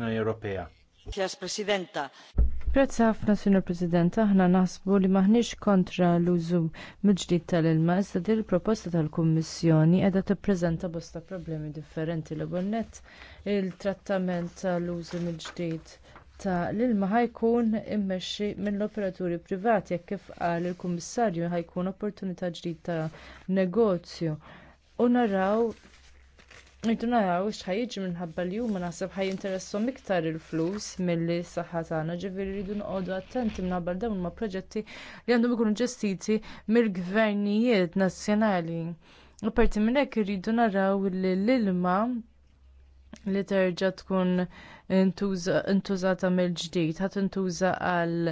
tal-Unjoni Ewropea. Grazzi ħafna, Sinur President, aħna naħsbu li maħniex kontra l-użu mill-ġdid tal-ilma, iżda din il-proposta tal-Kummissjoni qiegħda tippreżenta bosta problemi differenti l net il-trattament tal-użu mill-ġdid ta' l-ilma ħajkun immexxi mill-operaturi privati jekk kif qal il-Kummissarju ħajkun opportunità ġdid ta' negozju u naraw Irdu naraw x'ħajjiġi minħabba li huma naħseb ħaj interessom iktar il-flus milli saħħatana saħħa tagħna, ġifieri rridu noqogħdu attenti minħabba dawn huma proġetti li għandhom ikunu ġestiti mill-gvernijiet nazzjonali. parti minn hekk irridu naraw l-ilma li terġa tkun intużata mill-ġdid, ħat intuża għal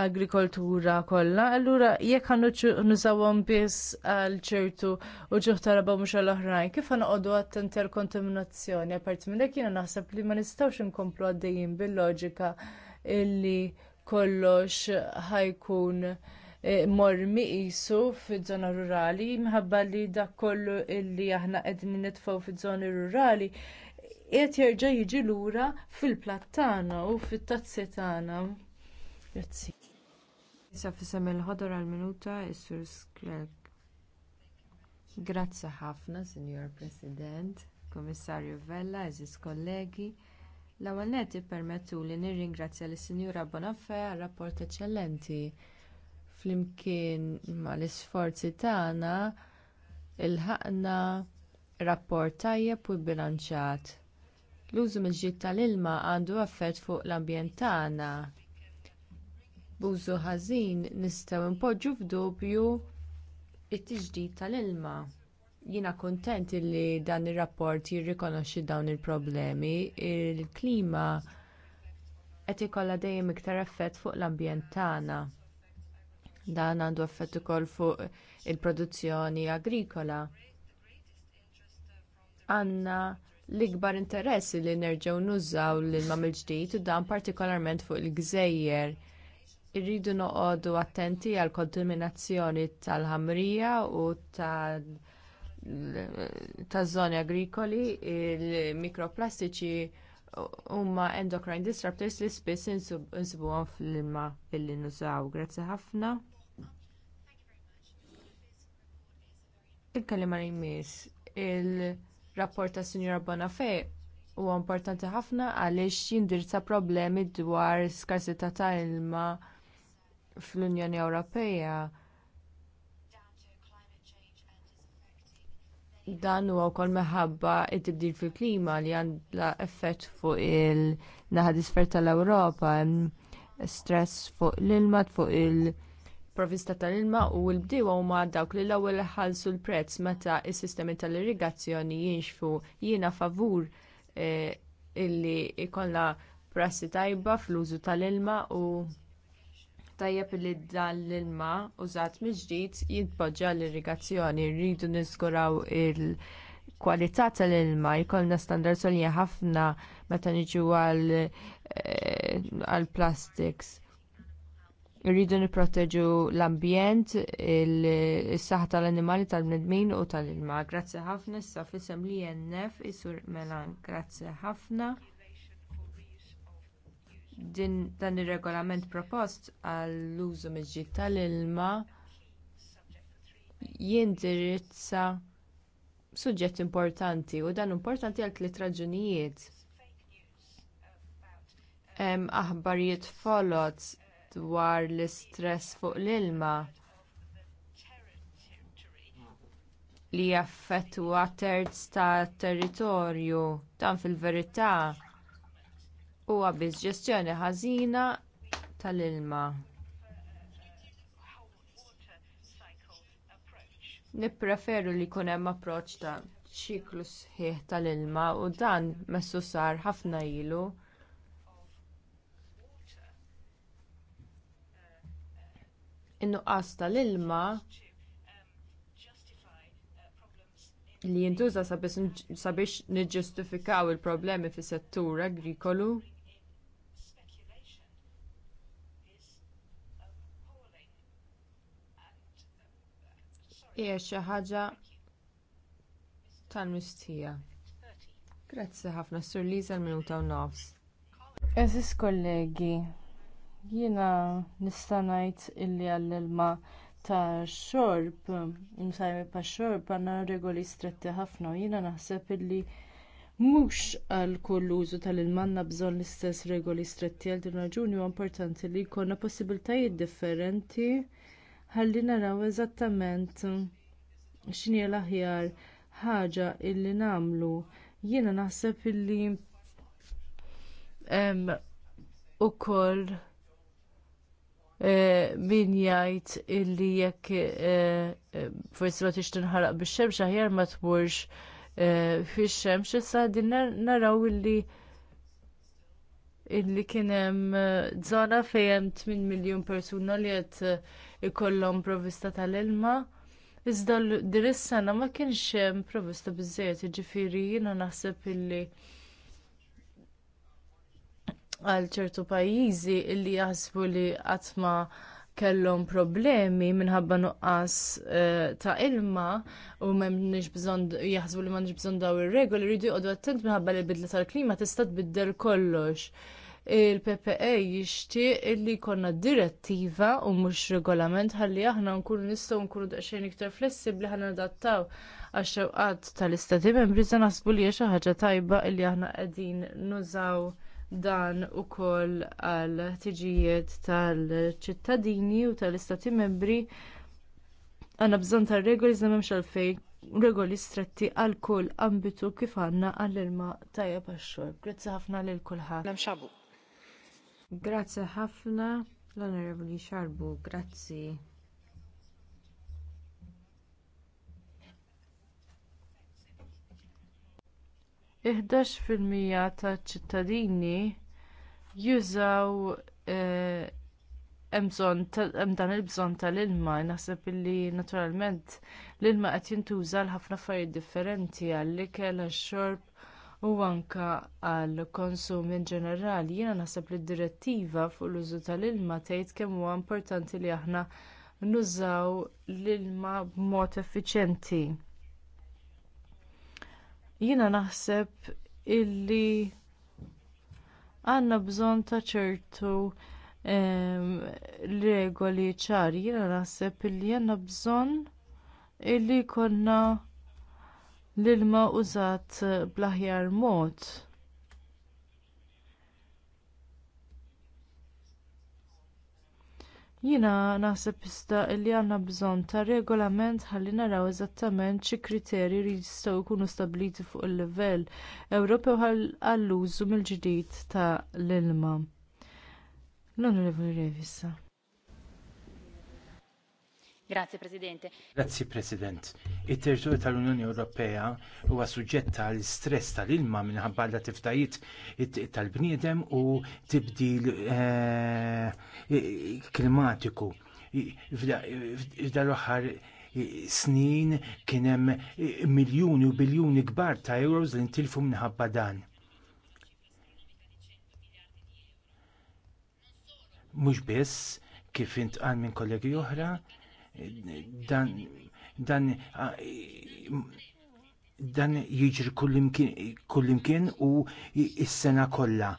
agrikoltura kollha. Allura jekk ħannu nużawhom biss għal ċertu u ġuħtaraba mhux għal oħrajn, kif ħanoqogħdu attenti għal kontaminazzjoni? Apart minn dak jiena naħseb li ma nistgħux inkomplu għaddejjin bil-loġika illi kollox ħajkun e, mor miqisu fiż-żona rurali minħabba li dak kollu illi aħna qegħdin nitfgħu fiż-żoni rurali qed jerġa' jiġi lura fil plattana u fit-tazzi tagħna. Grazzi. Issa fisem il-ħodor għal-minuta is-Sur Skrelk. Grazzi ħafna, Signor President, Komissarju Vella, eżis kollegi. L-ewwel nett ippermettu li nirringrazzja lis sinjura Bonafè għar rapport eċċellenti. Flimkien mal isforzi tagħna ilħaqna rapport tajjeb u bilanċat. L-użu mill-ġid tal-ilma għandu effett fuq l-ambjent tagħna. B'użu ħażin nistgħu npoġġu f'dubju t tiġdid tal-ilma. Jiena kuntent li dan ir-rapport jirrikonoxxi dawn il-problemi, il-klima qed ikollha dejjem iktar effett fuq l-ambjent tagħna dan għandu effett ukoll fuq il-produzzjoni agrikola. Għanna l-ikbar interess li nerġgħu nużaw l-ilma mill-ġdid u dan partikolarment fuq il-gżejjer irridu noqogħdu attenti għall kontaminazzjoni tal-ħamrija u taż-żoni agrikoli, il-mikroplastiċi huma endocrine disruptors li spiss insibuhom fl-ilma billi nużaw. Grazzi ħafna. Il-kalima jmiss il rapport ta' Sinjora Bonafè huwa importanti ħafna għaliex jindirizza problemi dwar skarsità ta' ilma fl-Unjoni Ewropea. Dan huwa wkoll meħabba id tibdil fil-klima li għandla effett fuq il-naħa disfer tal-Ewropa, stress fuq l-ilma, fuq il-, -ilma, fuq il provvista tal-ilma u l-bdiewa huma dawk li l-ewwel ħallsu l-prezz meta s sistemi tal-irrigazzjoni jinxfu jiena favur eh, illi jkollna prassi tajba fl-użu tal-ilma u tajjeb li dan l-ilma użat mill-ġdid jitpoġġa l-irrigazzjoni rridu niżguraw il- kwalità tal-ilma jkollna standards għalija ħafna meta niġu għal eh, plastics. Irridu nipproteġu l-ambjent, is-saħħa tal-annimali tal-bnedmin u tal-ilma. Grazzi ħafna, issa fisem li jennef isur melan. Grazzi ħafna. Din dan ir-regolament propost għall-użu miġġid tal-ilma jindirizza suġġett importanti u dan importanti għal tliet raġunijiet. Hemm aħbarijiet folot dwar l-istress fuq l-ilma li jaffettwa terz tat territorju dan fil-verità huwa biss ġestjoni ħażina tal-ilma. Nippreferu li jkun hemm approċċ ta' ċiklu sħiħ tal-ilma u dan messu sar ħafna ilu. in-nuqqas tal-ilma li jintuża sabiex niġġustifikaw il-problemi fis settur agrikolu hija xi ħaġa tal-mistija. Grazzi ħafna Sur Liza l-minuta u nofs. Eżis kollegi, Jiena nista' ngħid illi għall-ilma ta' xorb, msajmi pa' xorb għandna regoli stretti ħafna jina jiena naħseb illi Mhux għal kull użu tal-ilma għandna bżonn l-istess regoli stretti għal din raġuni huwa importanti li jkollna possibiltajiet differenti ħalli naraw eżattament x'inhi l-aħjar ħaġa illi nagħmlu. Jiena naħseb illi u koll Eh, min jgħid illi jekk eh, forsi ma tix tinħaraq bix-xemx aħjar ma tmurx eh, fix-xemx issa din naraw illi illi kien hemm żona fejn hemm 8 miljun persuna li qed ikollhom provvista tal-ilma. Iżda din is-sena ma kienx hemm provvista biżżejjed, jiġifieri jiena naħseb illi għal ċertu pajjiżi li jaħsbu li qatt ma kellhom problemi minħabba nuqqas eh, ta' ilma u m'hemmx bżonn jaħsbu li m'għandx bżonn daw ir-regoli jridu jqogħdu attent minħabba li bidla tal-klima tista' tbiddel kollox. il ppa jixtieq li jkollna direttiva u mhux regolament ħalli aħna nkunu nistgħu nkunu daqsxejn iktar flessibbli ħalli nadattaw għax-xewqat tal-istati membri se naħsbu li hija xi ħaġa tajba li aħna qegħdin nużaw dan ukoll għal tiġijiet tal-ċittadini u tal-istati membri għandna bżonn tal regoli zemem xalfej, regoli stretti għal kull ambitu kif għandna għall ilma tajjeb għax-xogħol. Grazzi ħafna lil kulħadd. Grazzi ħafna l-Onorevoli Xarbu, grazzi. fil-mija taċ ċittadini jużaw eh, hemm dan il-bżonn tal-ilma, naħseb illi naturalment l-ilma qed jintuża għal ħafna affarijiet differenti għall-ikel, għax-xorb u anke għall-konsum in ġenerali. Jiena naħseb li d-direttiva fuq l-użu tal-ilma tgħid kemm huwa importanti li aħna nużaw l-ilma b'mod effiċjenti. Jiena naħseb illi għandna bżonn ta' ċertu regoli ċar, Jiena naħseb illi għandna bżonn illi jkollna l-ilma użat bl-aħjar mod. Jiena naħseb iżda li għandna bżonn ta' regolament ħalli naraw eżattament xi kriterji li jistgħu jkunu stabbliti fuq il-livell Ewropew għall-użu mill-ġdid tal ilma L-Onorevoli Grazie Presidente. Grazie President. Il-territorju tal-Unjoni Ewropea huwa suġġett tal-istress tal-ilma minħabba l tiftajiet tal-bniedem u tibdil eh, klimatiku. F'dal aħħar snin kien hemm miljuni u biljuni kbar ta' euros li ntilfu minħabba dan. Mhux biss kif intqal minn kollegi oħra, dan dan dan jiġri kullimkien u s-sena kollha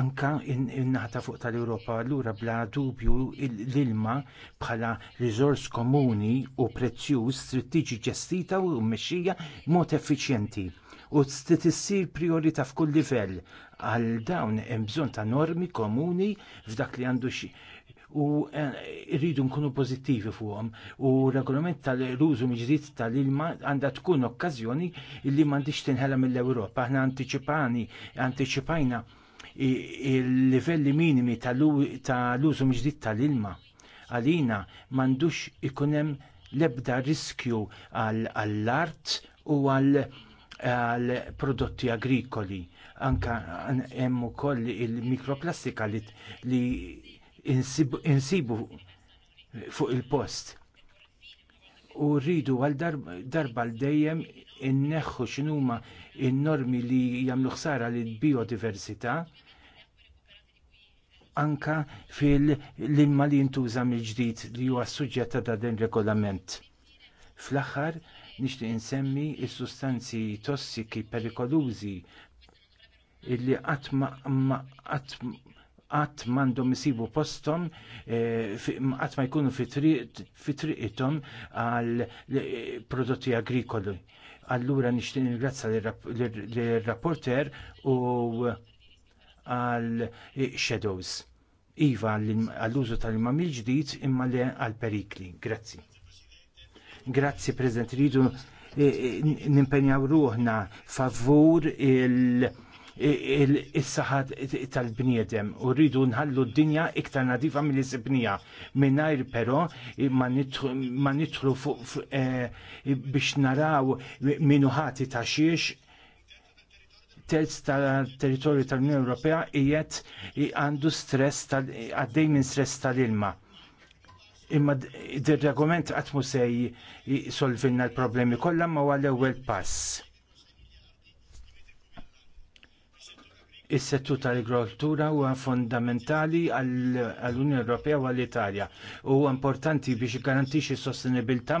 anka innaħta fuq tal-Europa allura bla dubju l-ilma bħala riżors komuni u prezzjuż trid tiġi ġestita u mmexxija mod effiċjenti u trid issir priorità f'kull livell għal dawn hemm bżonn ta' normi komuni f'dak li għandu u eh, rridu nkunu pozittivi fuqhom u regolament tal-użu miġdiet tal-ilma għandha tkun okkażjoni li m'għandix tinħela mill-Ewropa. Aħna antiċipani, antiċipajna il-livelli minimi tal-użu miġdiet tal-ilma. Għalina m'għandux ikun hemm l-ebda riskju għall-art u għall għal prodotti agrikoli. Anka hemm ukoll il-mikroplastika li insibu fuq il-post. U rridu għal darba l dejjem inneħħu x'inhuma n-normi li jagħmlu ħsara lill biodiversità anka fil-ilma li jintuża mill-ġdid li huwa suġġett ta' dan regolament. Fl-aħħar nixtieq insemmi s-sustanzi tossiki perikolużi illi qatt qatt mandom jisibu posthom eh, qatt ma jkunu fi triqitom għal eh, prodotti agrikoli. Allura nixtieq ningrazzja l rapporter u għal eh, shadows. Iva għall-użu tal-mamil ġdid imma le għal perikli. Grazzi. Grazzi, President, rridu nimpenjaw ruħna favur il- is-saħat tal-bniedem u rridu nħallu d-dinja iktar nadifa mill-isibnija minnajr pero ma nidħlu fuq eh, biex naraw minuħati ta' xiex terz tal-territorju tal-Unjoni Ewropea ijet għandu stress għaddej minn stress tal-ilma imma dir regument għatmu sej se l-problemi kollha ma għal ewwel pass. Is-settur tal-agrikoltura huwa fondamentali għall-Unjoni Ewropea u għall-Italja. Huwa importanti biex jgarantixxi s-sostenibilità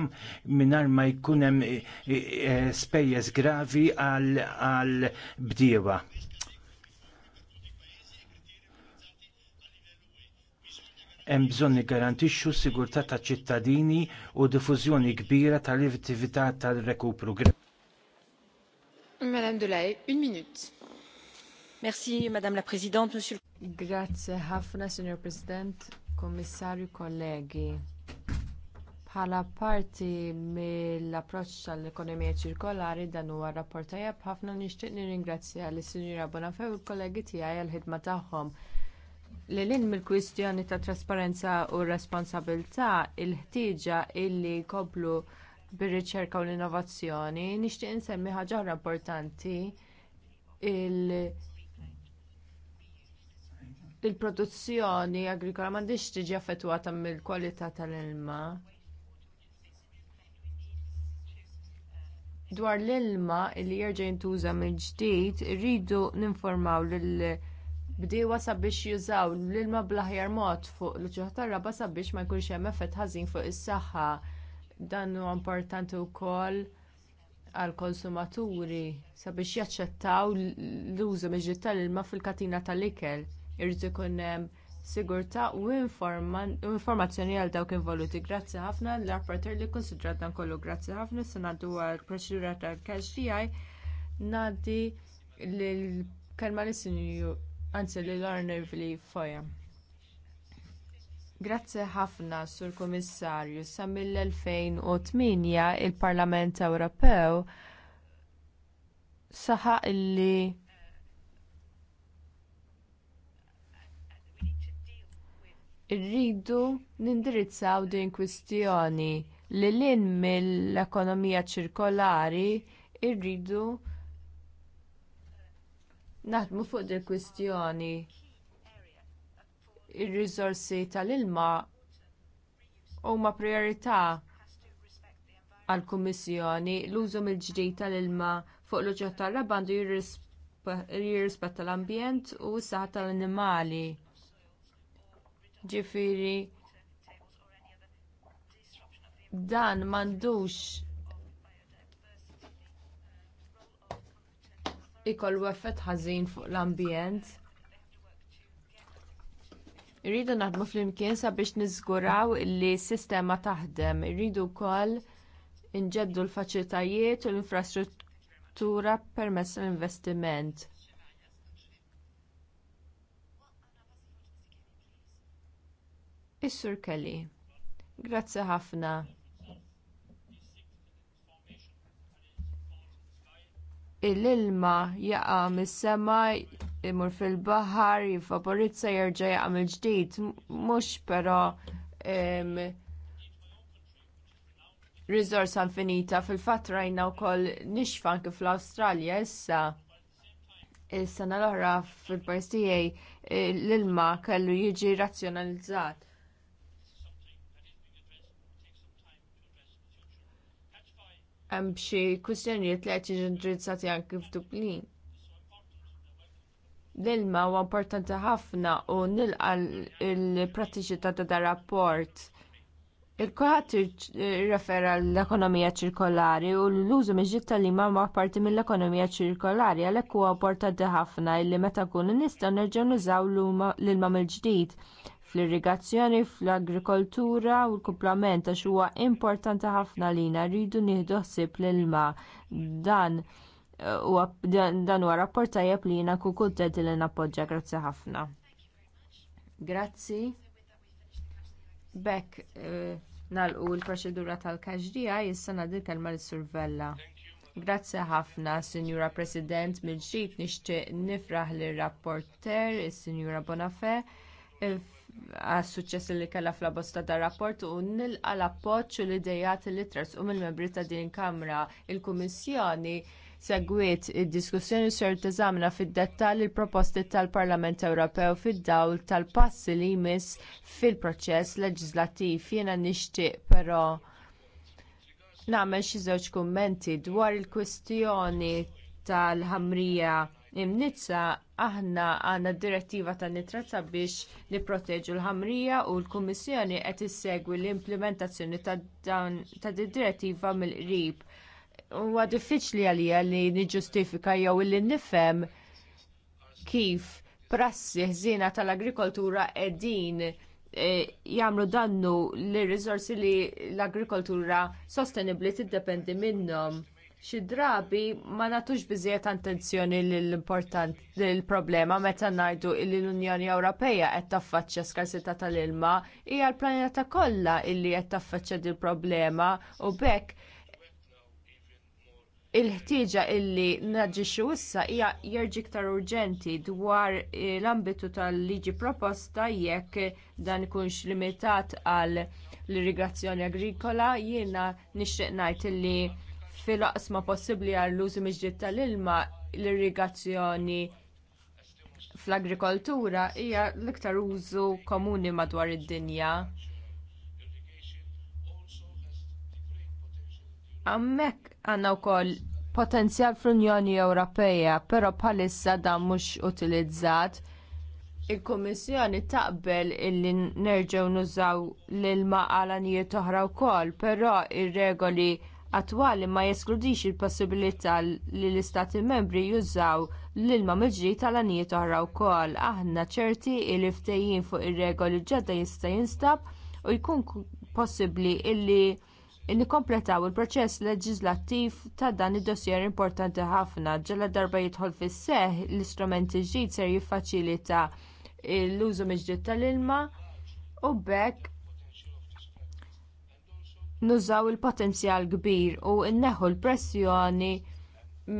mingħajr ma jkun hemm eh, eh, spejjeż gravi għall-bdiewa. Hemm bżonn niggarantixxu s-sigurtà taċ-ċittadini u diffużjoni kbira tal-attività tal-rekupru. Madame Delay, une minute la Grazie ħafna, Signor President, Kommissarju, kollegi. Bħala parti mill-approċċ tal-ekonomija ċirkolari dan huwa rapport tajjeb ħafna nixtieq nirringrazzja lis sinjura Bonafè u l-kollegi tiegħi għall ħidma tagħhom. Lilin mill-kwistjoni ta' trasparenza u responsabilità il-ħtieġa illi jkomplu bir-riċerka u l-innovazzjoni nixtieq insemmi ħaġa importanti il- il-produzzjoni agrikola m'għandhiex tiġi affettwata mill-kwalità tal-ilma. Dwar l-ilma li jerġa' jintuża mill-ġdid, irridu ninformaw lil bdiewa sabiex jużaw l-ilma bl-aħjar mod fuq l-ġuħ tar-raba sabiex ma jkunx hemm effett ħażin fuq is-saħħa. Dan huwa importanti wkoll għall konsumaturi sabiex jaċċettaw l-użu mill-ġdid tal-ilma fil-katina tal-ikel irrid ikun hemm sigurtà u informazzjoni għal dawk involuti. Grazzi ħafna l-rapporter li konsidrat dan kollu. Grazzi ħafna se ngħaddu għall proċedura tal-kax tiegħi ngħaddi lill-kelma li sinju anzi lil Arnervli Foja. Grazzi ħafna sur Kummissarju sa mill-2008 il-Parlament Ewropew saħaq li Irridu nindirizzaw din kwistjoni li lin mill-ekonomija ċirkolari irridu naħdmu fuq din kwistjoni ir-riżorsi tal-ilma huma prijorità għall kummissjoni l-użu mill-ġdid tal-ilma fuq l-oġġett tar-rabandu jirrispetta l-ambjent u s-saħħa tal-annimali. Ġifiri, dan m'għandux ikollu effett ħażin fuq l-ambjent. Irridu naħdmu flimkien sabiex niżguraw li s-sistema taħdem. Irridu wkoll inġeddu l-faċilitajiet u l-infrastruttura permezz l-investiment. Is-Sur Kelly. Grazzi ħafna. Il-ilma jaqa mis-sema imur fil-baħar, jivaporizza jerġa' jaqa mill-ġdid, mhux però riżorsa infinita fil-fatt rajna wkoll nixfan kif l-Awstralja issa is-sena l-oħra fil-pajjiż tiegħi l-ilma kellu jiġi razzjonalizzat hemm xi kwistjonijiet li qed jiġu indirizzati anke f'Dublin. L-ilma huwa importanti ħafna u nilqa l-prattiċi ta' da rapport. Il-kulħadd refera l-ekonomija ċirkolari u l-użu meġġib tal-ilma ma' parti mill-ekonomija ċirkolari għalhekk huwa importanti ħafna li meta nkunu nistgħu nerġgħu nużaw l-ilma mill-ġdid fl-irrigazzjoni, fl-agrikoltura u l-kumplament għax huwa importanti ħafna lina rridu nieħdu ħsieb l-ilma dan eh, huwa rapport tajjeb li jiena nkun kuntent li nappoġġja grazzi ħafna. Grazzi. Bekk eh, nalqu l-proċedura tal-kaġdija jissana dil kelma l-survella. Grazzi ħafna, Sinjura President, mill-ġdid nixtieq nifraħ l rapporter is-Sinjura Bonafè, eh, għas suċċess li kellha fl-abosta tar rapport u nilqa l-appoġġ u l-idejat li trasqu u mill-membri ta' din kamra il-Kummissjoni segwiet id-diskussjoni ser teżamna fid-dettall il-proposti tal-Parlament Ewropew fid-dawl tal-passi li jmiss fil-proċess leġislattiv jiena nixtieq però nagħmel xi żewġ kummenti dwar il-kwistjoni tal-ħamrija Imnizza aħna għandna d direttiva tan nitrazza biex nipproteġu l-ħamrija u l-Kummissjoni qed issegwi l-implementazzjoni ta' din direttiva mill-qrib. Huwa diffiċli għalija li niġġustifika jew li nifhem kif prassi ħżiena tal-agrikoltura qegħdin e, jagħmlu dannu l-rizorsi li l-agrikoltura sostenibbli tiddependi minnhom xi drabi ma nagħtux biżejjed attenzjoni lill-problema meta ngħidu li l-Unjoni Ewropea qed taffaċċja skarsità tal-ilma hija l-planeta kollha li qed taffaċċja din problema u b'hekk il-ħtieġa illi naġixxu issa hija jerġi' iktar urġenti dwar l-ambitu tal-liġi proposta jekk dan ikunx limitat għall irrigazzjoni agrikola jiena nixtieq ngħid illi fil-aqsma possibbli l użu miġdied tal-ilma l-irrigazzjoni fl-agrikoltura hija l-iktar użu komuni madwar id-dinja. għanna għandna wkoll potenzjal fl-Unjoni Ewropea, però bħalissa dan mhux utilizzat il-Kummissjoni taqbel illi nerġgħu nużaw l-ilma għal anijiet oħra wkoll, però ir-regoli attwali ma jeskludix il-possibilità li l-istati membri jużaw l-ilma miġri tal-anijiet oħra wkoll. Aħna ċerti li ftejjin fuq ir-regoli ġodda jista' jinstab u jkun possibbli illi nikkompletaw il-proċess leġislattiv ta' dan id-dossier importanti ħafna ġella darba jidħol fis seħħ l-istrumenti ġdid ser jiffaċilita l-użu miġdiet tal-ilma u bekk nużaw il-potenzjal kbir u nneħħu l-pressjoni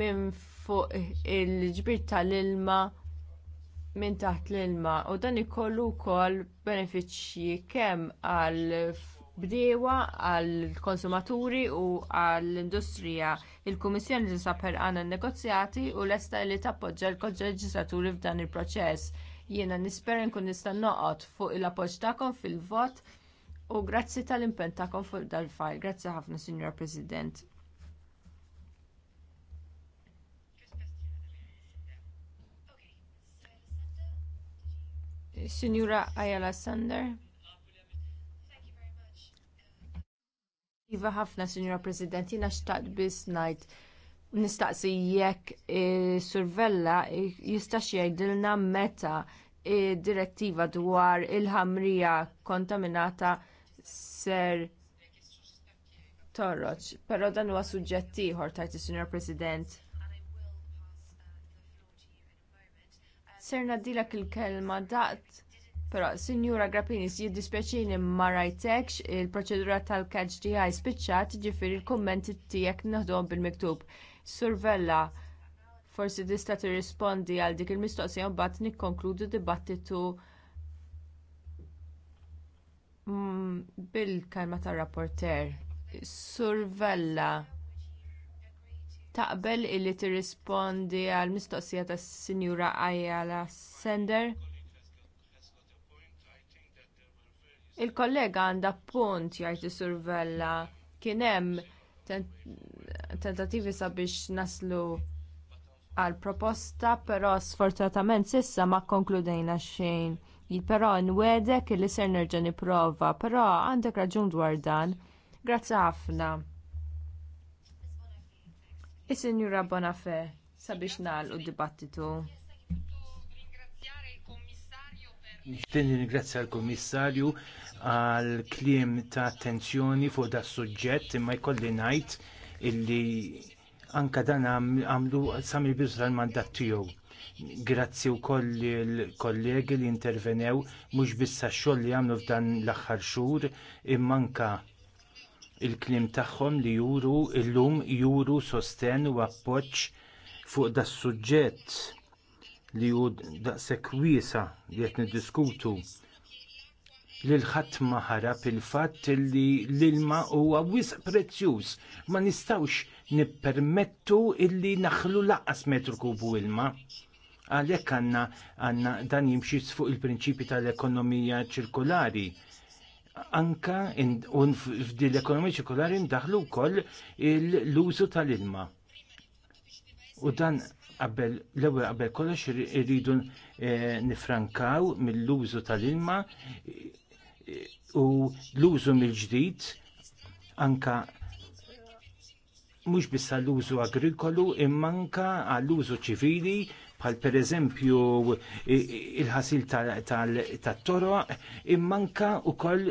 minn fuq il-ġbir tal-ilma minn taħt l-ilma u dan ikollu wkoll benefiċċji kemm għall bdiewa għall konsumaturi u għall industrija Il-Kummissjoni li saper n-negozjati u lesta li tappoġġa l-koġġeġġisaturi f'dan il-proċess. Jiena nispera nkun nista' noqgħod fuq il-appoġġ tagħkom fil-vot u grazzi tal-impen tagħkom fuq dal-fajl. Grazzi ħafna, Signor President. Signora Ayala Sander. Iva ħafna, Signora President, jina xtaqt bis najt nistaqsi jekk eh, survella eh, jistax jgħidilna meta direttiva dwar il-ħamrija kontaminata ser torroċ. Però dan huwa suġġett ieħor tajti Sinjor President. Ser nadilak il-kelma daqt. Però, Sinjura Grappini, si jiddispjaċini ma rajtekx il-proċedura tal-catch DI spiċċat ġifiri l kummenti tiegħek naħdom bil-miktub. Survella, forsi tista' tirrispondi għal dik il-mistoqsija mbagħad nikkonkludu dibattitu mm, bil-kalma tar-rapporter. Survella taqbel illi tirrispondi għall mistoqsija tas-Sinjura Ayala Sender? Il-kollega għandha punt jgħid is-survella kien hemm tentativi sabiex naslu għal proposta, però sfortunatament sissa ma konkludejna xejn. Però nwedek li ser nerġa' nipprova, però għandek raġun dwar dan. Grazzi ħafna. Is-Sinjura Bonafè sabiex nagħlqu d-dibattitu. Nixtieq ringrazzja l-Kummissarju għal kliem ta' attenzjoni fuq da' suġġett imma jkolli ngħid illi anka dan għamlu sami bidu l mandat tiegħu. Grazzi wkoll l-kollegi li intervenew, mhux biss għax-xogħol li għamlu f'dan l aħħar xhur, imma anke il kliem tagħhom li juru illum juru sosten u appoġġ fuq das suġġett li hu daqshekk wiesa li qed niddiskutu li l-ħadd ma ħarab il-fatt li l-ilma huwa wisq prezzjuż. Ma nistawx nippermettu illi naħlu laqqas metru kubu ilma. Għalhekk għandna għandna dan jimxi fuq il-prinċipi tal-ekonomija ċirkolari anka l ekonomija ċirkolari ndaħlu wkoll l-użu tal-ilma. U dan qabel l-ewwel qabel kollox irridu eh, nifrankaw mill-użu tal-ilma u l-użu mill-ġdid anka mhux biss l użu agrikolu imma anka għall-użu ċivili bħal pereżempju il-ħasil tal toroq imma anka wkoll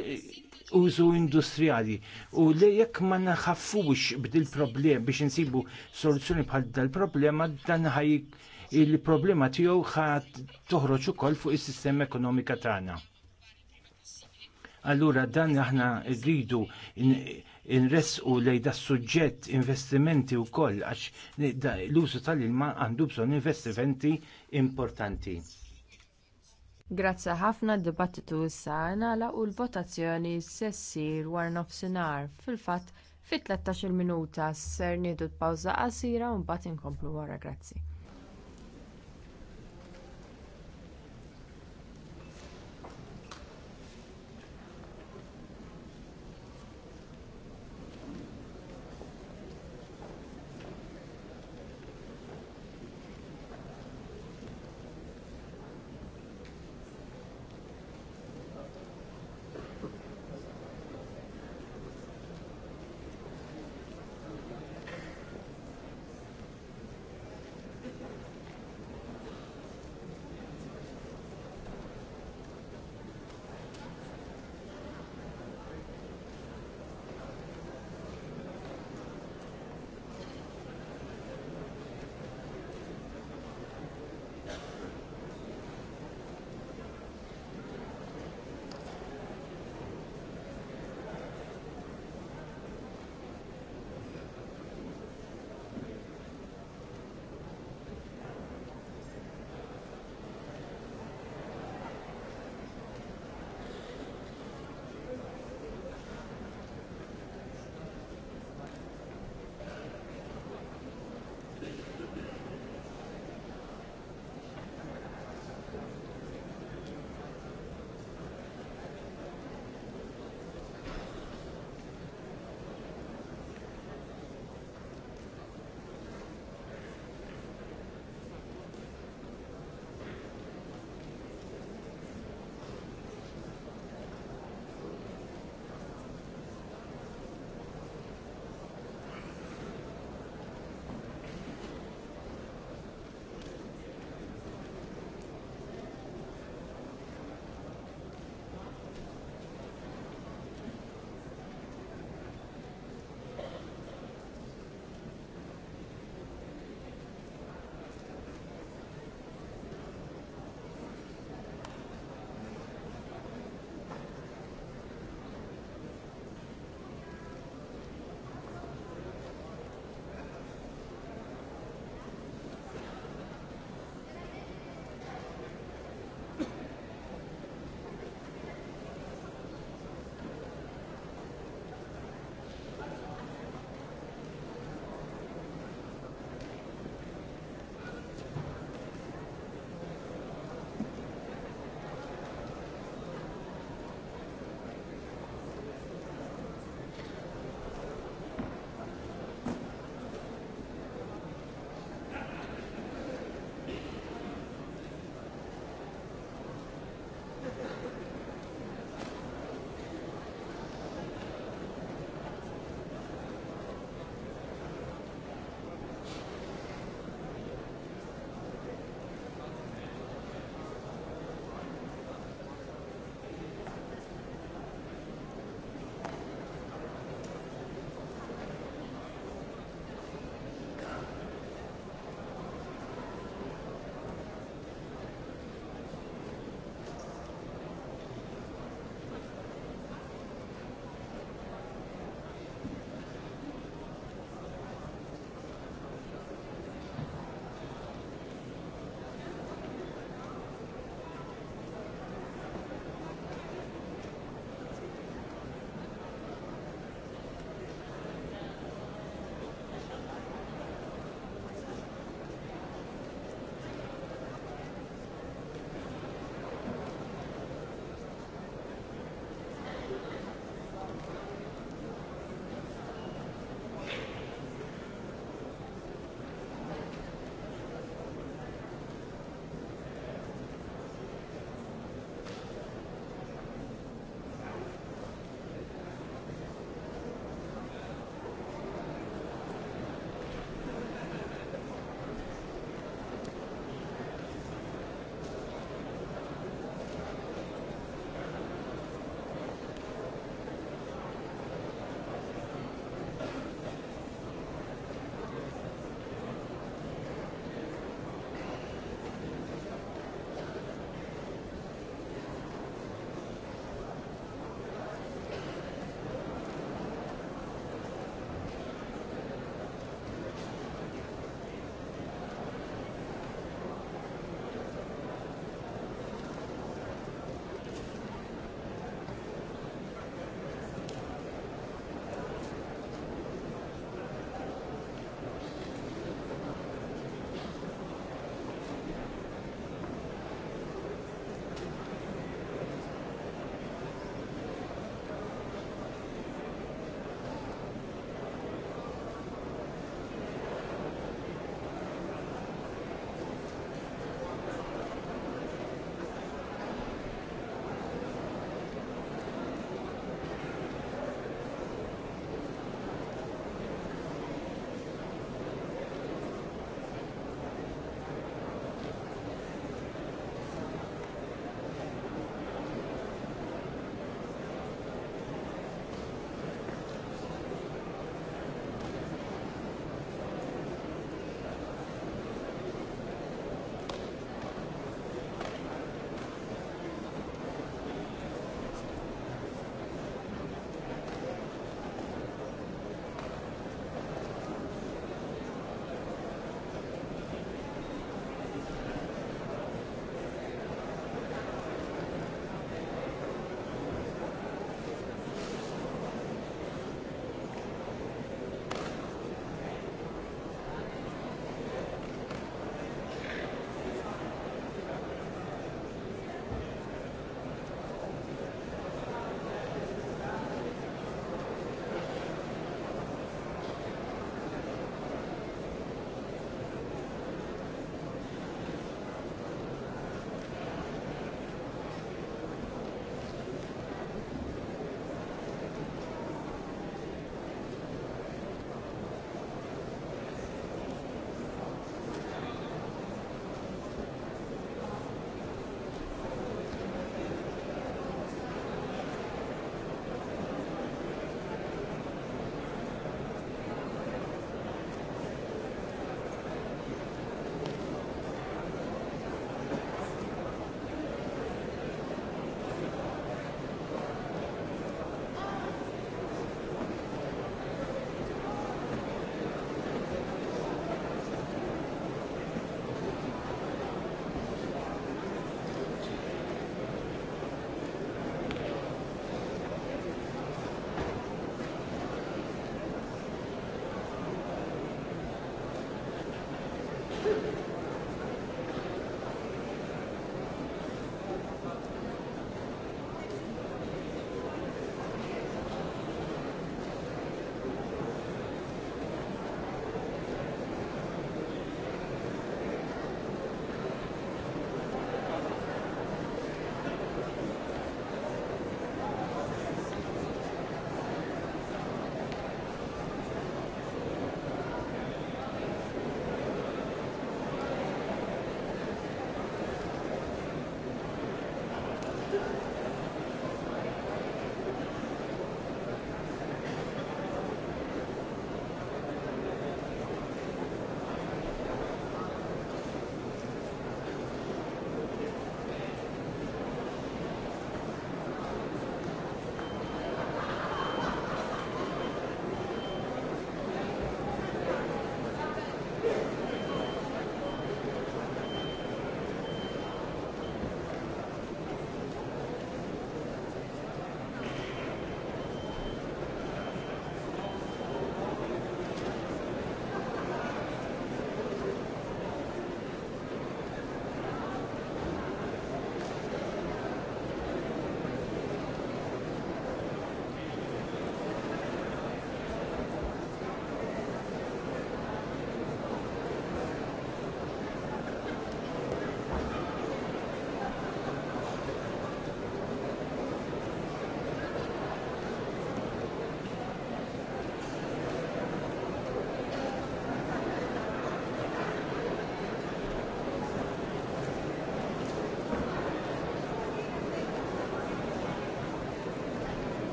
użu industrijali u li jekk ma naħaffux b'dil problem biex insibu soluzzjoni bħal dal-problema dan ħaj il-problema tiegħu ħad toħroġ ukoll fuq is-sistema ekonomika tagħna. Allura dan aħna rridu inresqu lej da suġġett investimenti u koll għax l-użu tal-ilma għandu bżon investimenti importanti. Grazzi ħafna d-dibattitu issa għana u l-votazzjoni s-sessir war nofsinar fil-fat fit-13 minuta ser nidu t-pawza qasira un batin inkomplu wara grazzi.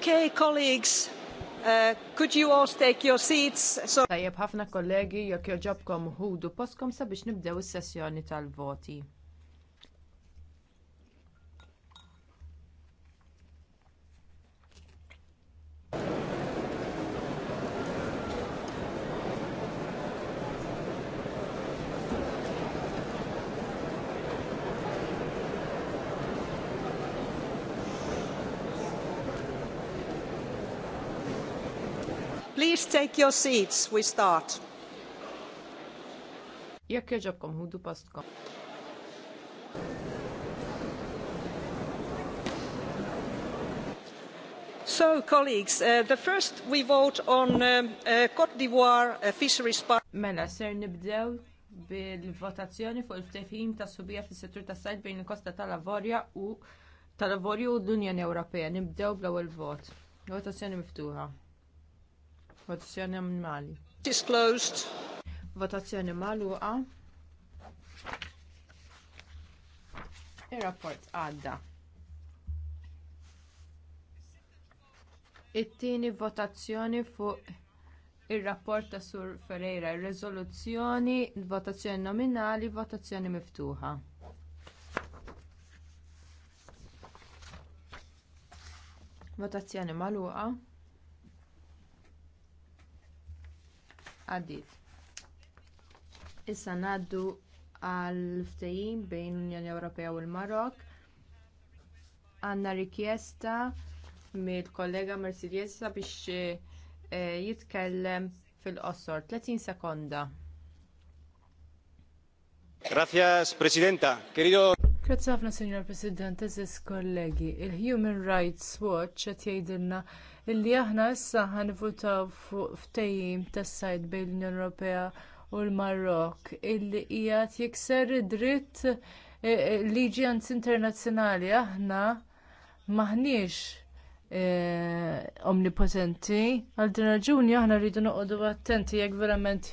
Okay, colleagues, uh, could you all take your seats? So... Tajjeb ħafna kollegi, jekk joġobkom ħudu postkom sabiex nibdew is-sessjoni tal-voti. take your seats, we start. Jekk jogħġobkom ħudu postkom. So, colleagues, uh, the first we vote on uh, uh, Cote d'Ivoire uh, Fisheries Park. Mela, ser nibdew bil-votazzjoni fuq il-ftehim ta' subija fis settur ta' sajt bejn il-Kosta ta' lavorja u tal-Avorju u l-Unjoni Ewropea. Nibdew bl-ewwel vot. Votazzjoni miftuħa votazzjoni nominali. Disclosed. Votazzjoni magħluqa. Ir-rapport għadda. It-tieni votazzjoni fuq ir-rapport ta' Sur Ferreira, ir-riżoluzzjoni, votazzjoni nominali, votazzjoni miftuħa. Votazzjoni magħluqa. għaddiet. Issa ngħaddu għal ftehim bejn l-Unjoni Ewropea u l-Marok. Għandna rikjesta mill-kollega Mercedes biex eh, jitkellem fil-qosor 30 sekonda. Grazie, Presidenta. Querido... Grazie ħafna, Signor President, eżis kollegi. Il-Human Rights Watch qed jgħidilna illi aħna issa ħanvutaw fuq ftehim tas-sajd bejn l-Unjoni Ewropea u l marokk illi qiegħed jikser id-dritt e, e, liġi internazzjonali aħna maħniex e, omnipotenti għal din raġuni aħna rridu noqogħdu attenti jekk verament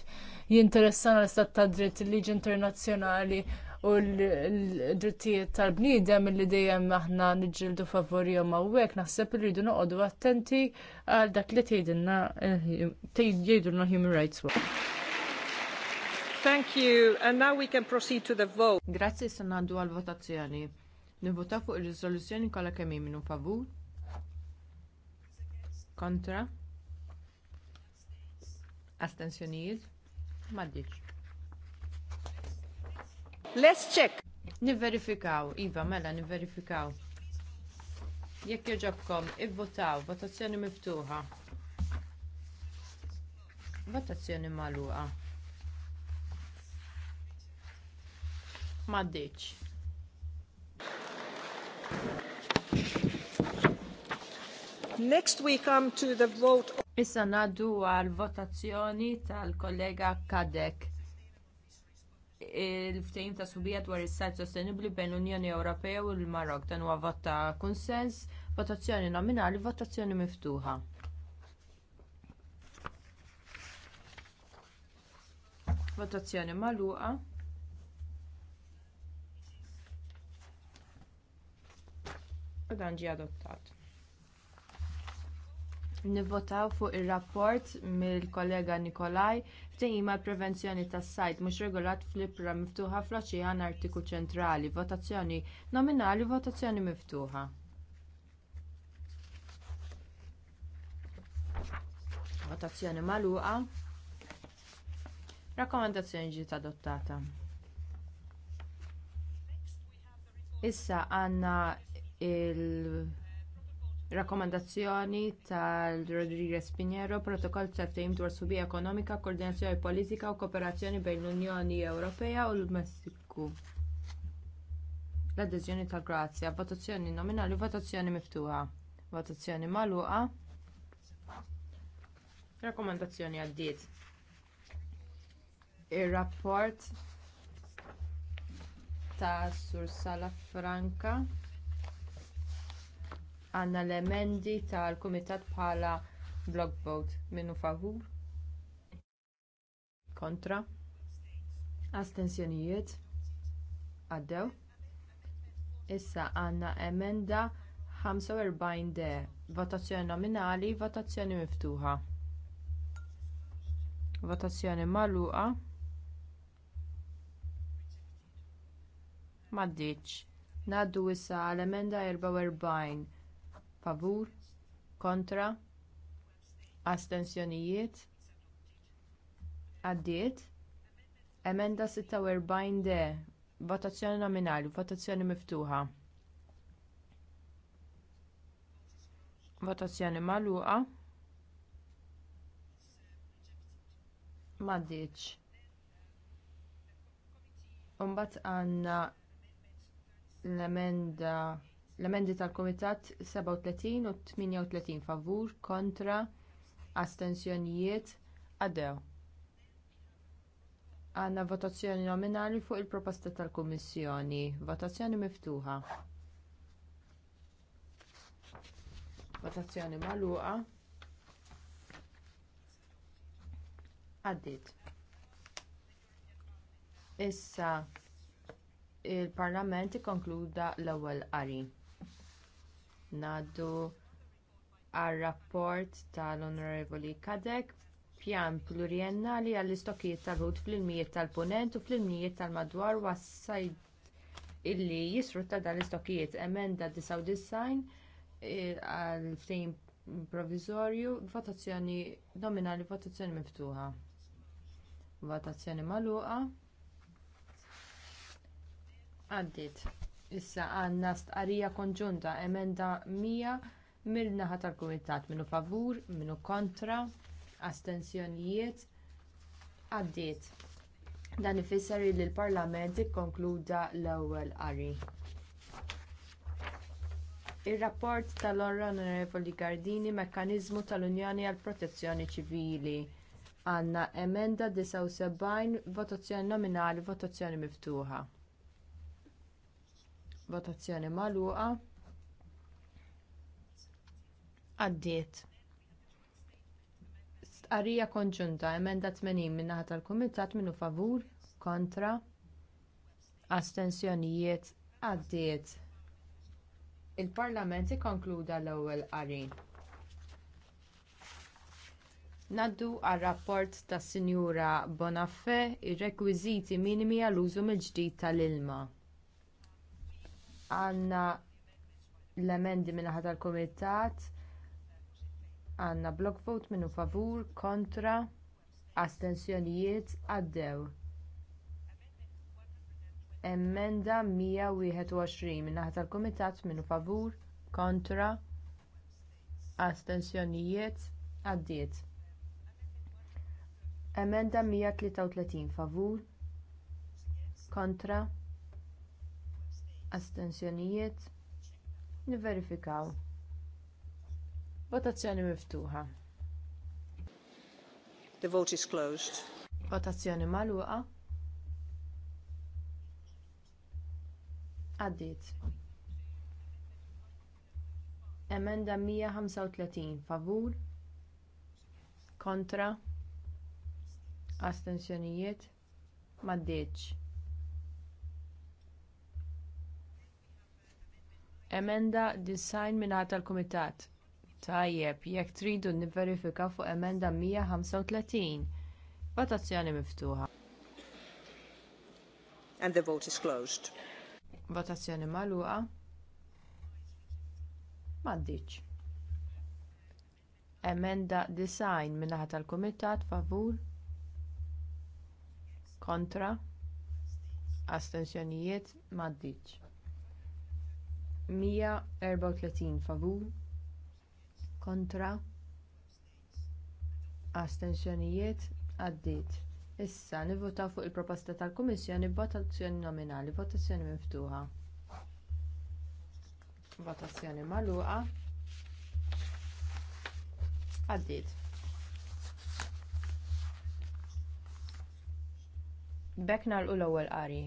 jinteressana l-istat ta' dritt il-liġi internazzjonali u l-drittijiet tal-bniedem li dejjem aħna niġġieldu favorihom hawnhekk naħseb li rridu noqogħdu attenti għal dak li tgħidilna jgħidulna eh, Human Rights Watch. Thank you, and now we can proceed to the vote. Grazzi se għandu għal votazzjoni. Nivvota fuq ir-riżoluzzjoni kollha kemm minu favur? Kontra? Astensjonijiet? Maddiċ. Let's check. Niverifikaw, Iva, mela, niverifikaw. Jekk joġobkom, ivvotaw, votazzjoni miftuħa. Votazzjoni maluqa. Maddiċ. Next we come to the vote. Issa naddu għal votazzjoni tal-kollega Kadek il-ftehim ta' subija dwar is-sajt sostenibbli bejn l-Unjoni Ewropea u l-Marok dan huwa vot ta' kunsens, votazzjoni nominali, votazzjoni miftuħa. Votazzjoni magħluqa. U dan ġie adottat nivvotaw fuq ir rapport mill-kollega Nikolaj ftehim l prevenzjoni tas-sajd mhux regolat fl-ibra miftuħa fl-oċean Artiku Ċentrali, votazzjoni nominali, votazzjoni miftuħa. Votazzjoni magħluqa. Rakkomandazzjoni ġiet adottata. Issa għandna il- Rakkomandazzjoni tal-Rodriguez Pinheiro, protokoll tal-tejm dwar subija ekonomika, koordinazzjoni politika u kooperazzjoni bejn l-Unjoni Ewropea u l-Messiku. L-adeżjoni tal grazia votazzjoni nominali, votazzjoni miftuħa, votazzjoni magħluqa. Rakkomandazzjoni għaddiet. Ir-rapport ta' Sursala Franca għandna l-emendi tal-Kumitat bħala block vote minnu favur. Kontra. Astensjonijiet. Għaddew. Issa għandna emenda 45 d. Votazzjoni nominali, votazzjoni miftuħa. Votazzjoni magħluqa. Maddiċ. Naddu issa għal emenda 44 favur kontra astensjonijiet għaddiet emenda 46 d votazzjoni nominali votazzjoni miftuħa votazzjoni magħluqa m'għaddiex Umbat għandna l-emenda L-emendi tal-Kumitat 37 u 38 favur kontra astensjonijiet għaddew. Għanna votazzjoni nominali fuq il-proposta tal-Kummissjoni. Votazzjoni miftuħa. Votazzjoni magħluqa. Għaddit. Issa il-Parlament ikkonkluda l-ewwel qari. Ngħaddu għar rapport tal-Onorevoli Kadek pjan pluriennali għall-istokkijiet tal-ħut fl-ilmijiet tal-punent u fl-ilmijiet tal-madwar was-sajd illi jisrutta dan l-istokkijiet emenda 99 eh, għal ftehim provizorju votazzjoni nominali votazzjoni miftuħa. Votazzjoni magħluqa. Għaddit. Issa għandna stqarrija konġunta emenda 100 mill-naħa tal-Kumitat minnu favur, minnu kontra, astensjonijiet, għaddiet. Dan ifisser li l-Parlament ikkonkluda l-ewwel qari. Ir-rapport tal-Onorevoli Gardini Mekkaniżmu tal-Unjoni għall Protezzjoni Ċivili għandna emenda 79 votazzjoni nominali, votazzjoni miftuħa. Votazzjoni magħluqa. Għaddiet. Stqarrija konġunta, emenda 80 min-naħa tal-Kumitat minnu favur, kontra, astensjonijiet għaddiet. Il-Parlament ikkonkluda l-ewwel qari. Ngħaddu għar rapport tas Sinjura Bonafè ir-rekwiżiti minimi għall-użu mill-ġdid tal-ilma għandna l-emendi min-naħa tal-kumitat għandna block vote minnu favur kontra astensjonijiet għaddew emenda 121 min-naħa tal-kumitat minnu favur kontra astensjonijiet għaddiet emenda 133 favur kontra astensjonijiet niverifikaw votazzjoni miftuħa The vote is closed. Votazzjoni magħluqa. Għaddiet. Emenda 135 favur kontra astensjonijiet maddeċ. Emenda design mingħata tal-Kumitat. Tajjeb, jekk tridu nivverifika fuq emenda 135. Votazzjoni miftuħa. And the vote is closed. Votazzjoni magħluqa. Maddiċ. Emenda design minnaħa tal-Kumitat favur. Kontra. Astenzjonijiet maddiċ 134 favur kontra astensjonijiet għaddiet. Issa nivvotaw fuq il-proposta tal-Kummissjoni b'votazzjoni nominali, votazzjoni miftuħa. Votazzjoni magħluqa. Għaddiet. B'hekk nagħlqu l-ewwel qari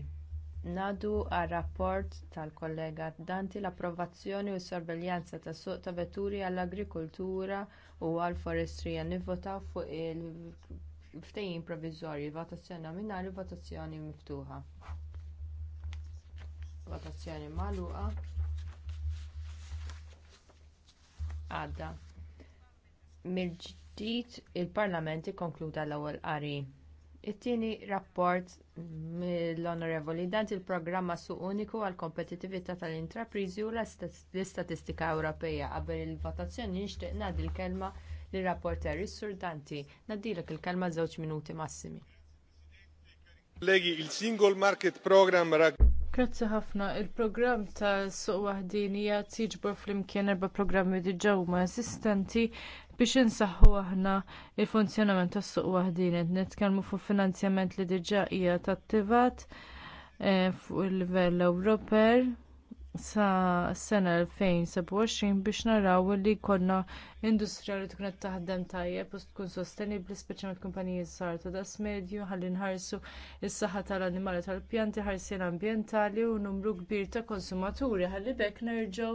ngħaddu għar rapport tal-kollega Danti l-approvazzjoni u s-sorveljanza tas suq ta' vetturi għall-agrikoltura u għall-forestrija nivvotaw fuq il-ftejjin provizorju, votazzjoni nominali, u votazzjoni miftuħa. Votazzjoni magħluqa. Għadda. Mill-ġdid il-Parlament ikkonkluda l-ewwel qari. It-tieni rapport mill-Onorevoli dan il-programma suq uniku għall kompetitività tal-intrapriżi u l-istatistika Ewropea qabel il-votazzjoni nixtieq ngħaddi l-kelma lir rapporter is-Sur Danti. Nadilek il-kelma żewġ minuti massimi. Legi il-Single Market Program Grazzi ħafna. Il-programm ta' suq waħdin hija tiġbor flimkien erba' programmi diġa' huma eżistenti biex insaħħu aħna il-funzjonament tas-suq waħdin qed nitkellmu fuq finanzjament li diġà hija tattivat eh, fuq il-livell Ewropew sa sena 2027 biex naraw li jkollna industrija li tkun qed taħdem tajjeb u tkun sostenibbli speċjalment kumpaniji żgħar ta' das medju ħalli nħarsu s-saħħa tal-annimali tal-pjanti ħarsien ambjentali u numru kbir ta' konsumaturi ħalli bekk nerġgħu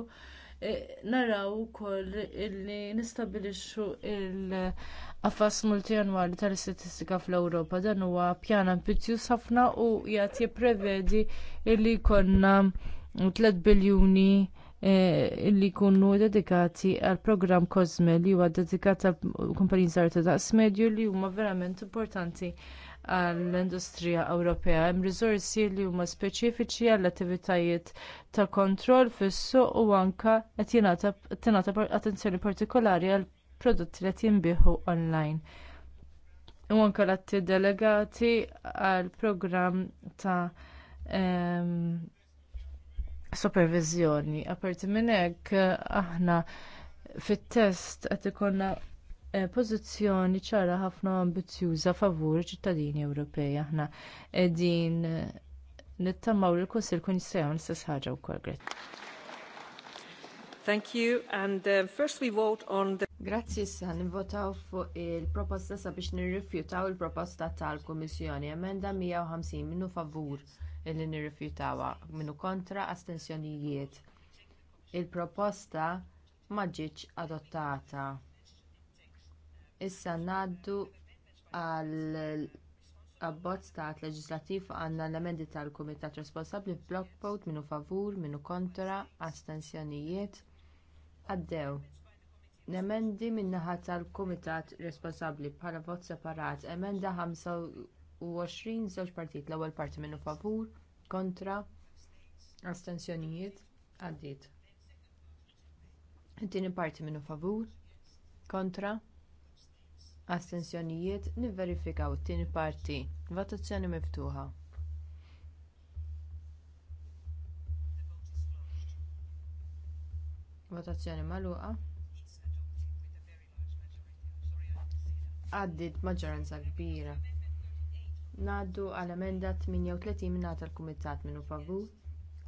Eh, naraw ukoll illi nistabilixxu il-qafas multijanwali tal-istatistika fl-Ewropa dan huwa pjan ambizzjuż ħafna u jagħti jipprevedi illi jkollna 3 biljuni eh, illi jkunu dedikati għal programm Cosme li huwa dedikat għal kumpanijiet żgħar ta' daqs medju li huma verament importanti għall-industrija Ewropea. Hemm riżorsi li huma speċifiċi għall-attivitajiet ta' kontroll fis-suq u anke qed tingħata attenzjoni partikolari għall prodotti li qed jinbieħu online. U anke l-atti delegati għall programm ta' superviżjoni supervizjoni. Aparti minn hekk aħna fit-test qed ikollna Eh, pożizzjoni ċara ħafna ambizzjuża favur ċittadini Ewropej aħna qegħdin eh, nittamaw li l-Kunsill kun jistgħu l-istess ħaġa wkoll. Thank you and uh, first we vote on the Grazzi issa nivvotaw fuq il-proposta sabiex nirrifjutaw il-proposta tal-Kummissjoni emenda 150 minnu favur illi nirrifjutawha minnu kontra astensjonijiet. Il-proposta ma ġietx adottata. Issa ngħaddu għal abbozz ta' att leġislattiv għandna l-emendi tal-Kumitat Responsabbli block vot minnu favur, minnu kontra, astensjonijiet, għaddew. L-emendi min-naħa tal-Kumitat Responsabbli bħala vot separat, emenda 25 żewġ partit, l-ewwel parti minnu favur, kontra, astensjonijiet, għaddiet. It-tieni parti minnu favur, kontra, astensjonijiet nivverifikaw it-tieni parti votazzjoni miftuħa votazzjoni magħluqa Għaddit maġġoranza kbira ngħaddu għal emenda 38 mingħata tal-kumitat minnu favur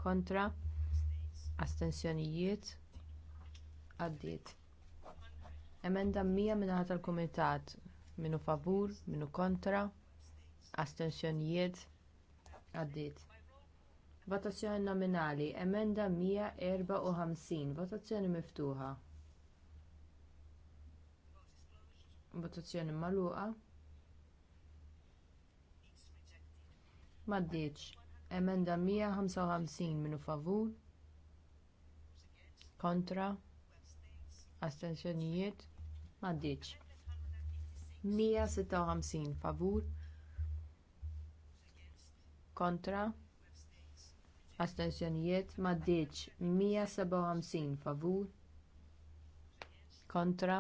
kontra astensjonijiet għaddit. Emenda mija minna tal-Kumitat. minnu favur, minnu kontra, astensjonijiet, għaddit. Votazzjoni nominali. Emenda 154. Votazzjoni miftuħa. Votazzjoni magħluqa. Maddiċ. Emenda 155 minnu favur. Kontra. Astensjonijiet għaddiċ. 156 favur kontra astensjonijiet maddiċ 157 favur kontra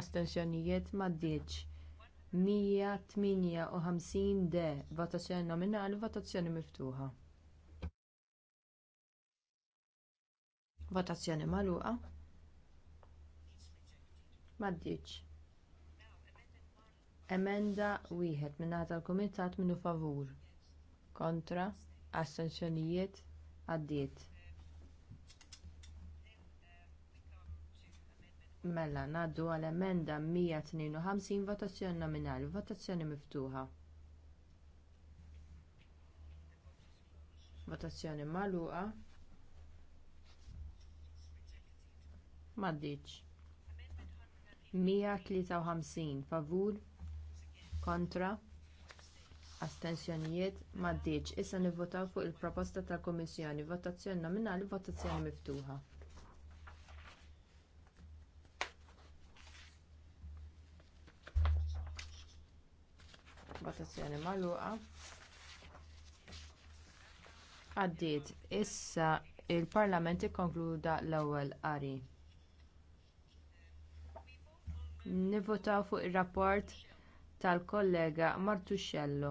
astensjonijiet maddiċ 158 de votazzjoni nominali votazzjoni miftuħa votazzjoni magħluqa m'għaddietx Emenda wieħed minn tal-Kumitat minnu favur. Kontra, astensjonijiet, għaddiet. Mela, ngħaddu għal emenda 152 votazzjoni nominali, votazzjoni miftuħa. Votazzjoni magħluqa. m'għaddietx 153 favur kontra astensjonijiet m'għaddiex issa nivvotaw fuq il-proposta tal-Kummissjoni votazzjoni nominali votazzjoni miftuħa. Votazzjoni magħluqa. Għaddiet issa l parlament ikkonkluda l-ewwel qari nivvotaw fuq ir-rapport tal-kollega Martuxello.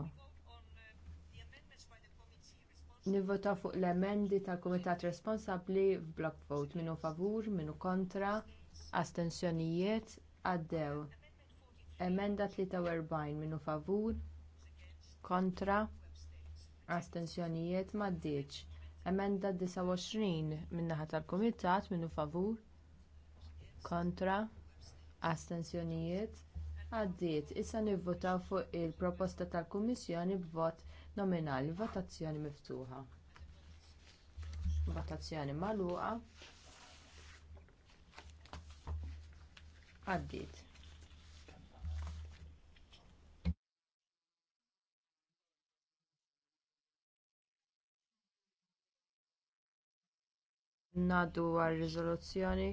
Nivvotaw fuq l-emendi tal-Kumitat Responsabbli f'block vote minu favur, minu kontra, astensjonijiet, għaddew. Emenda 43 minu favur, kontra, astensjonijiet maddiċ. Emenda 29 min-naħa tal-Kumitat minu favur, kontra, astensjonijiet għaddiet issa nivvotaw fuq il-proposta tal-Kummissjoni b'vot nominali votazzjoni miftuħa. Votazzjoni magħluqa. Għaddiet. Nadu għal riżoluzzjoni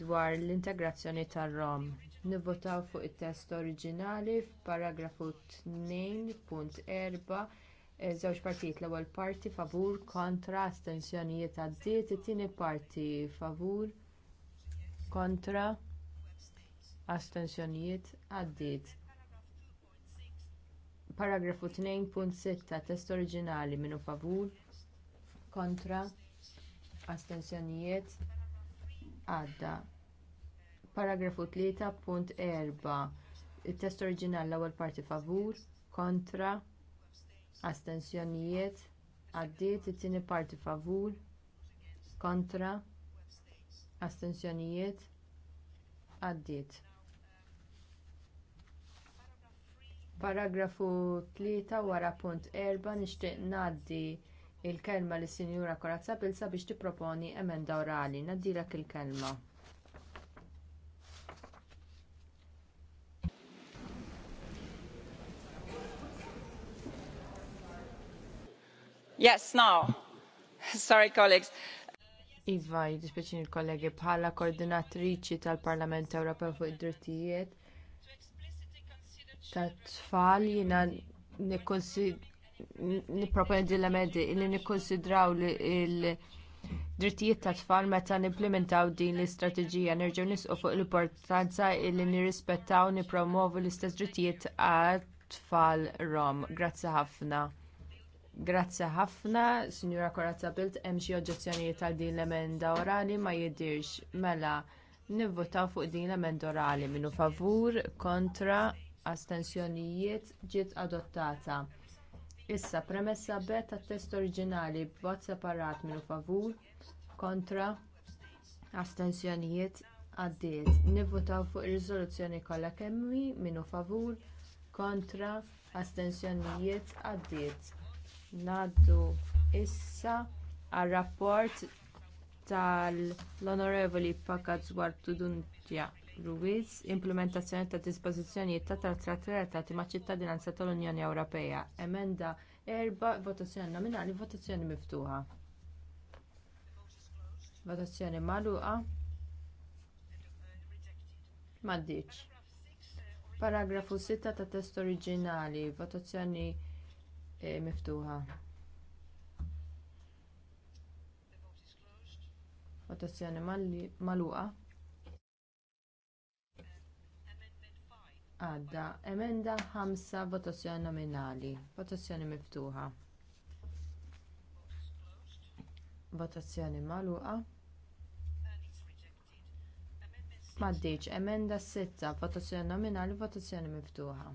dwar l-integrazzjoni tar-Rom. Nivvotaw fuq it-test oriġinali f'paragrafu 2.4 e, żewġ partijiet l-ewwel parti favur kontra astensjonijiet għaddiet, it-tieni parti favur kontra astensjonijiet għaddiet. Paragrafu 2.6 test oriġinali minnu favur kontra astensjonijiet għadda. Paragrafu 3.4 Il-test oriġinali l-ewwel parti favur, kontra, astensjonijiet, għaddiet it-tieni parti favur, kontra, astensjonijiet, għaddiet. Paragrafu 3 wara punt 4 nixtieq ngħaddi il-kelma lis sinjura Korazza Pilsa biex tipproponi emenda orali. Naddilek il-kelma. Yes, now. Sorry, colleagues. Iva, jidispeċin il-kollegi bħala koordinatriċi tal-Parlament Ewropew fuq id drittijiet tat-tfal jiena nikkonsid nipropendi l-emendi li nikkonsidraw li l drittijiet ta' tfal meta nimplementaw din l-istrateġija nerġgħu nisqu fuq l-importanza li nirrispettaw nippromovu l-istess drittijiet għat tfal Rom. Grazzi ħafna. Grazzi ħafna, Sinjura Korazza Bilt, hemm xi oġġezzjonijiet għal din l-emenda orali ma jidhirx mela nivvotaw fuq din l-emenda orali minnu favur kontra astensjonijiet ġiet adottata. Issa, premessa B tat test oriġinali b'vot separat minnu favur, kontra, astensjonijiet, għaddiet. Nivvotaw fuq ir-riżoluzzjoni kollha kemmi minnu favur, kontra, astensjonijiet, għaddiet. Ngħaddu issa għar rapport tal-Onorevoli Pakazwar Tudunġja. Ruiz, implementazzjoni ta' dispożizzjonijiet ta' tal-trat relatati ma' ċittadinanza tal-Unjoni Ewropea. Emenda 4' votazzjoni nominali, votazzjoni miftuħa. Votazzjoni magħluqa. Maddiċ. Paragrafu 6 ta' test oriġinali, votazzjoni eh, miftuħa. Votazzjoni magħluqa. Għadda, emenda ħamsa votazzjoni nominali, votazzjoni miftuħa. Votazzjoni magħluqa. Maddiċ, emenda sitta, votazzjoni nominali, votazzjoni miftuħa.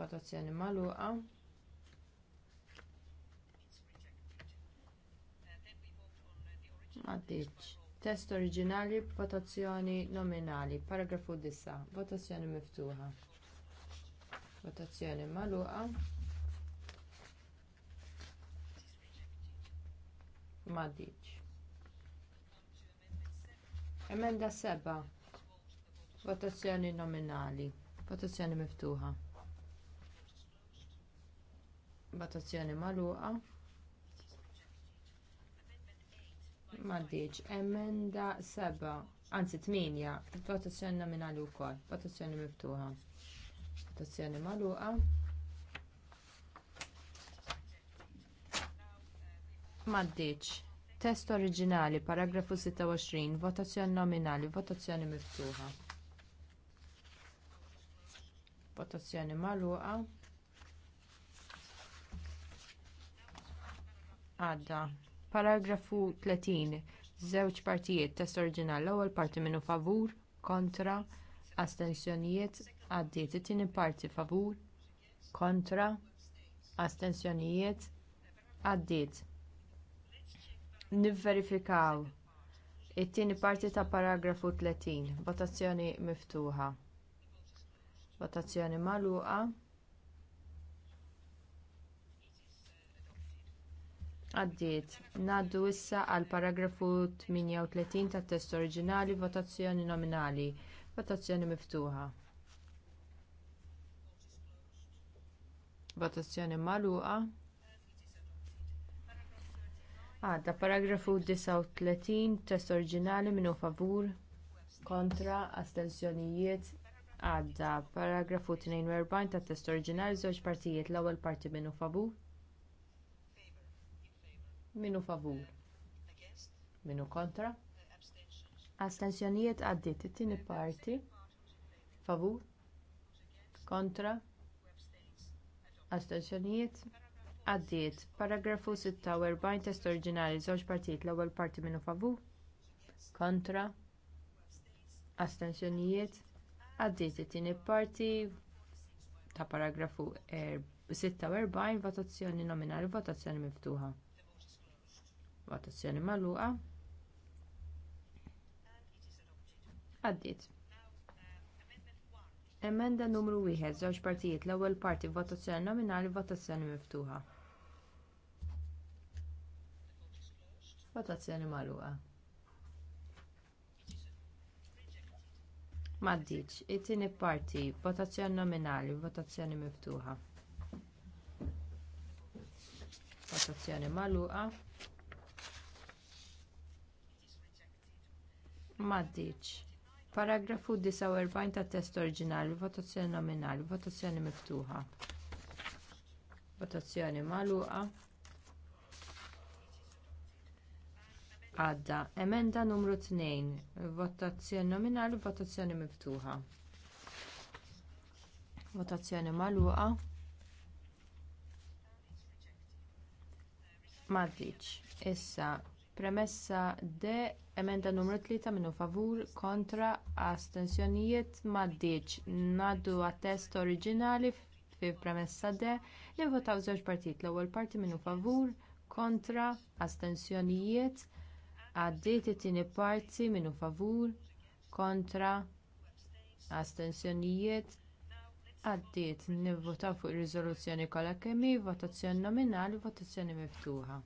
Votazzjoni magħluqa. Maddiċ. Test oriġinali votazzjoni nominali. Paragrafu 9. Votazzjoni miftuħa. Votazzjoni magħluqa. Madiċ. Emenda 7. Votazzjoni nominali. Votazzjoni miftuħa. Votazzjoni magħluqa. Maddiġ, emenda seba, anzi tminja, votazzjoni nominali wkoll, votazzjoni miftuħa. Votazzjoni magħluqa. Maddiġ, test oriġinali, paragrafu 26, votazzjoni nominali, votazzjoni miftuħa. Votazzjoni magħluqa. Għadda. Paragrafu 30. Żewġ partijiet test oriġinali l-ewwel parti minnu favur, kontra, astensjonijiet għaddiet it-tieni parti favur, kontra, astensjonijiet għaddiet. Nivverifikaw it-tieni parti ta' paragrafu 30. Votazzjoni miftuħa. Votazzjoni magħluqa. Għaddiet, ngħaddu issa għal paragrafu 38 tat test oriġinali votazzjoni nominali. Votazzjoni miftuħa. Votazzjoni magħluqa. Għadda paragrafu 39 test oriġinali minnu favur kontra astensjonijiet għadda paragrafu 42 tat test oriġinali żewġ partijiet l-ewwel parti minnu favur Minu favur. Minu kontra. Astensjonijiet għaddit. It-tieni parti. Favur. Kontra. Astensjonijiet. Għaddiet. Paragrafu 46 test oriġinali żewġ partijiet l-ewwel parti minu favur. Kontra. Astensjonijiet. Għaddiet it-tieni parti ta' paragrafu 46 er- votazzjoni nominali votazzjoni miftuħa. Votazzjoni magħluqa. Għaddit. Emenda numru wieħed żewġ partijiet l-ewwel parti votazzjoni nominali votazzjoni miftuħa. Votazzjoni magħluqa. Maddiċ, it-tieni parti, votazzjoni nominali, votazzjoni miftuħa. Votazzjoni magħluqa. Maddiċ. Paragrafu 49 tat test oriġinali, votazzjoni nominali, votazzjoni miftuħa. Votazzjoni magħluqa. Għadda. Emenda numru 2. Votazzjoni nominali, votazzjoni miftuħa. Votazzjoni magħluqa. Maddiċ. Issa, premessa de Emenda numru 3 minnu favur kontra astensjonijiet maddiċ. Naddu għat-test oriġinali fi premessa D li votaw żewġ partit. L-ewwel parti minnu favur kontra astensjonijiet għaddiet it-tieni parti minnu favur kontra astensjonijiet għaddiet nivvotaw fuq ir-riżoluzzjoni kollha kemm hi votazzjoni nominali votazzjoni miftuħa.